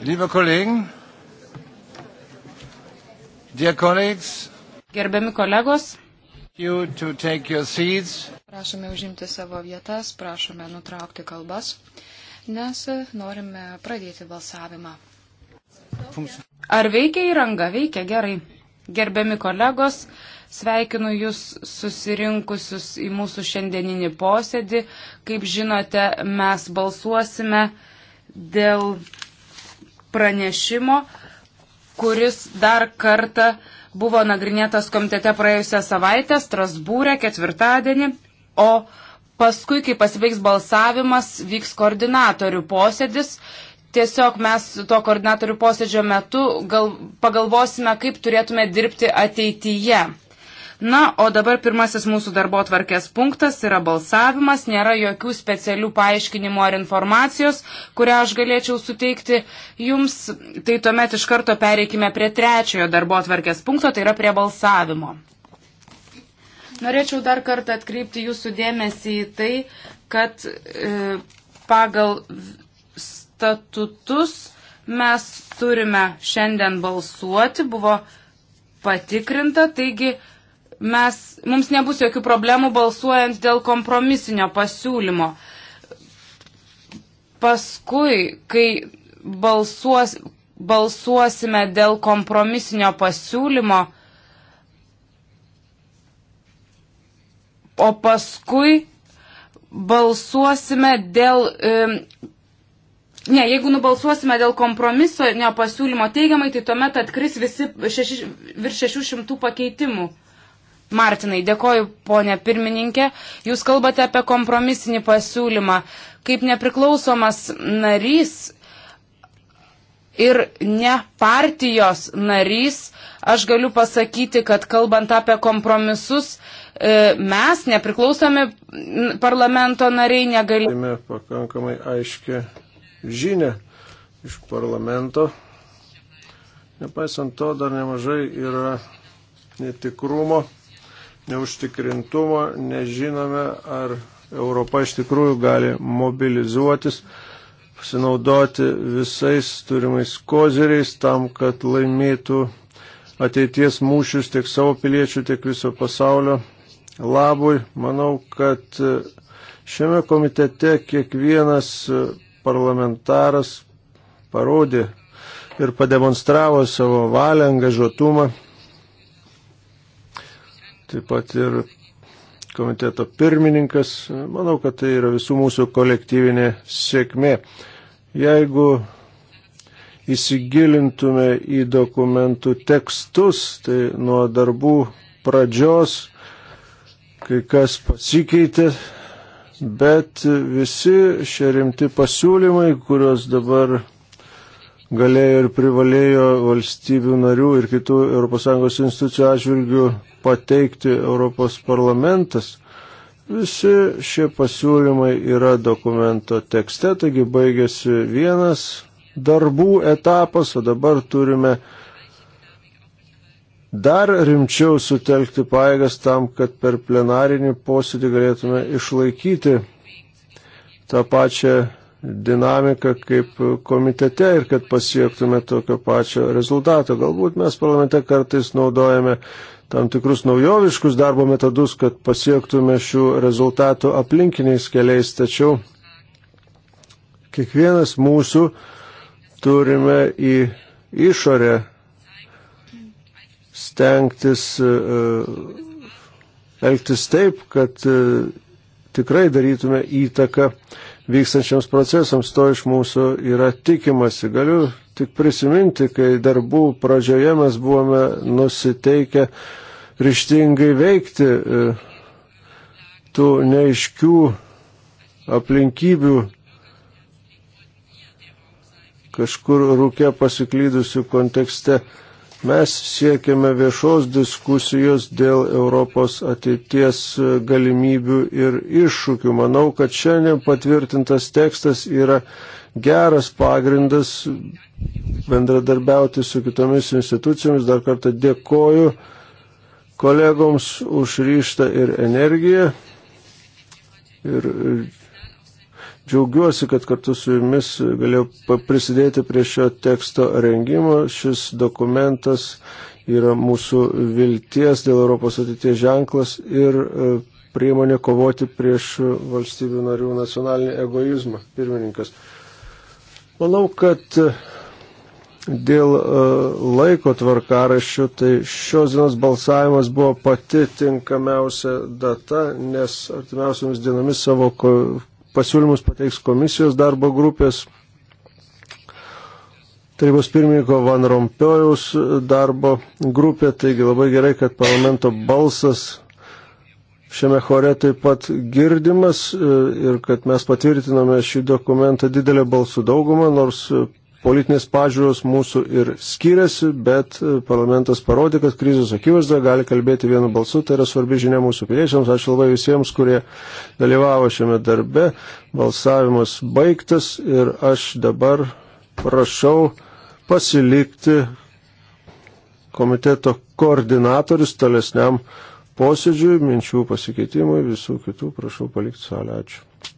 Liebe Kollegen, dear colleagues, gerbiami kolegos, you to take your seats. prašome užimti savo vietas, prašome nutraukti kalbas, nes norime pradėti balsavimą. Ar veikia įranga? Veikia gerai. Gerbiami kolegos, Sveikinu Jūs susirinkusius į mūsų šiandieninį posėdį. Kaip žinote, mes balsuosime dėl pranešimo, kuris dar kartą buvo nagrinėtas komitete praėjusią savaitę Strasbūrę ketvirtadienį, o paskui, kai pasibaigs balsavimas, vyks koordinatorių posėdis tiesiog mes to koordinatorių posėdžio metu gal, pagalvosime, kaip turėtume dirbti ateityje. Na, o dabar pirmasis mūsų darbo tvarkės punktas yra balsavimas. Nėra jokių specialių paaiškinimų ar informacijos, kurią aš galėčiau suteikti jums. Tai tuomet iš karto pereikime prie trečiojo darbo tvarkės punkto, tai yra prie balsavimo. Norėčiau dar kartą atkreipti jūsų dėmesį į tai, kad e, pagal statutus mes turime šiandien balsuoti, buvo patikrinta, taigi mes, mums nebus jokių problemų balsuojant dėl kompromisinio pasiūlymo. Paskui, kai balsuos, balsuosime dėl kompromisinio pasiūlymo, o paskui balsuosime dėl. E, Ne, jeigu nubalsuosime dėl kompromiso, ne pasiūlymo teigiamai, tai tuomet atkris visi šeši, virš 600 pakeitimų. Martinai, dėkoju, ponė pirmininkė. Jūs kalbate apie kompromisinį pasiūlymą. Kaip nepriklausomas narys ir ne partijos narys, aš galiu pasakyti, kad kalbant apie kompromisus, e, mes, nepriklausomi parlamento nariai, negalime. Pakankamai aiškia žinia iš parlamento. Nepaisant to, dar nemažai yra netikrumo neužtikrintumo, nežinome, ar Europa iš tikrųjų gali mobilizuotis, pasinaudoti visais turimais kozeriais tam, kad laimėtų ateities mūšius tiek savo piliečių, tiek viso pasaulio labui. Manau, kad šiame komitete kiekvienas parlamentaras parodė ir pademonstravo savo valią, angažuotumą taip pat ir komiteto pirmininkas. Manau, kad tai yra visų mūsų kolektyvinė sėkmė. Jeigu įsigilintume į dokumentų tekstus, tai nuo darbų pradžios kai kas pasikeitė, bet visi šie rimti pasiūlymai, kuriuos dabar galėjo ir privalėjo valstybių narių ir kitų ES institucijų atžvilgių pateikti Europos parlamentas. Visi šie pasiūlymai yra dokumento tekste, taigi baigėsi vienas darbų etapas, o dabar turime dar rimčiau sutelkti paėgas tam, kad per plenarinį posėdį galėtume išlaikyti tą pačią dinamiką kaip komitete ir kad pasiektume tokio pačio rezultato. Galbūt mes parlamente kartais naudojame tam tikrus naujoviškus darbo metodus, kad pasiektume šių rezultatų aplinkiniais keliais, tačiau kiekvienas mūsų turime į išorę stengtis e, e, elgtis taip, kad e, tikrai darytume įtaką vykstančiams procesams. To iš mūsų yra tikimasi. Galiu tik prisiminti, kai darbų pradžioje mes buvome nusiteikę ryštingai veikti e, tų neiškių aplinkybių kažkur rūkė pasiklydusių kontekste. Mes siekiame viešos diskusijos dėl Europos ateities galimybių ir iššūkių. Manau, kad šiandien patvirtintas tekstas yra geras pagrindas bendradarbiauti su kitomis institucijomis. Dar kartą dėkoju kolegoms už ryštą ir energiją. Ir Džiaugiuosi, kad kartu su jumis galėjau prisidėti prie šio teksto rengimo. Šis dokumentas yra mūsų vilties dėl Europos ateities ženklas ir e, priemonė kovoti prieš valstybių narių nacionalinį egoizmą. Pirmininkas. Manau, kad e, dėl e, laiko tvarkaraščių, tai šios dienos balsavimas buvo pati tinkamiausia data, nes artimiausiamis dienomis savo pasiūlymus pateiks komisijos darbo grupės tarybos pirmininko Van Rompiojaus darbo grupė, taigi labai gerai, kad parlamento balsas šiame chore taip pat girdimas e, ir kad mes patvirtiname šį dokumentą didelę balsų daugumą, nors politinės pažiūros mūsų ir skiriasi, bet e, parlamentas parodė, kad krizės akivaizdoje gali kalbėti vienu balsu, tai yra svarbi žinia mūsų piliečiams. Ačiū labai visiems, kurie dalyvavo šiame darbe. Balsavimas baigtas ir aš dabar prašau pasilikti komiteto koordinatorius tolesniam posėdžiui, minčių pasikeitimui, visų kitų prašau palikti salę. Ačiū.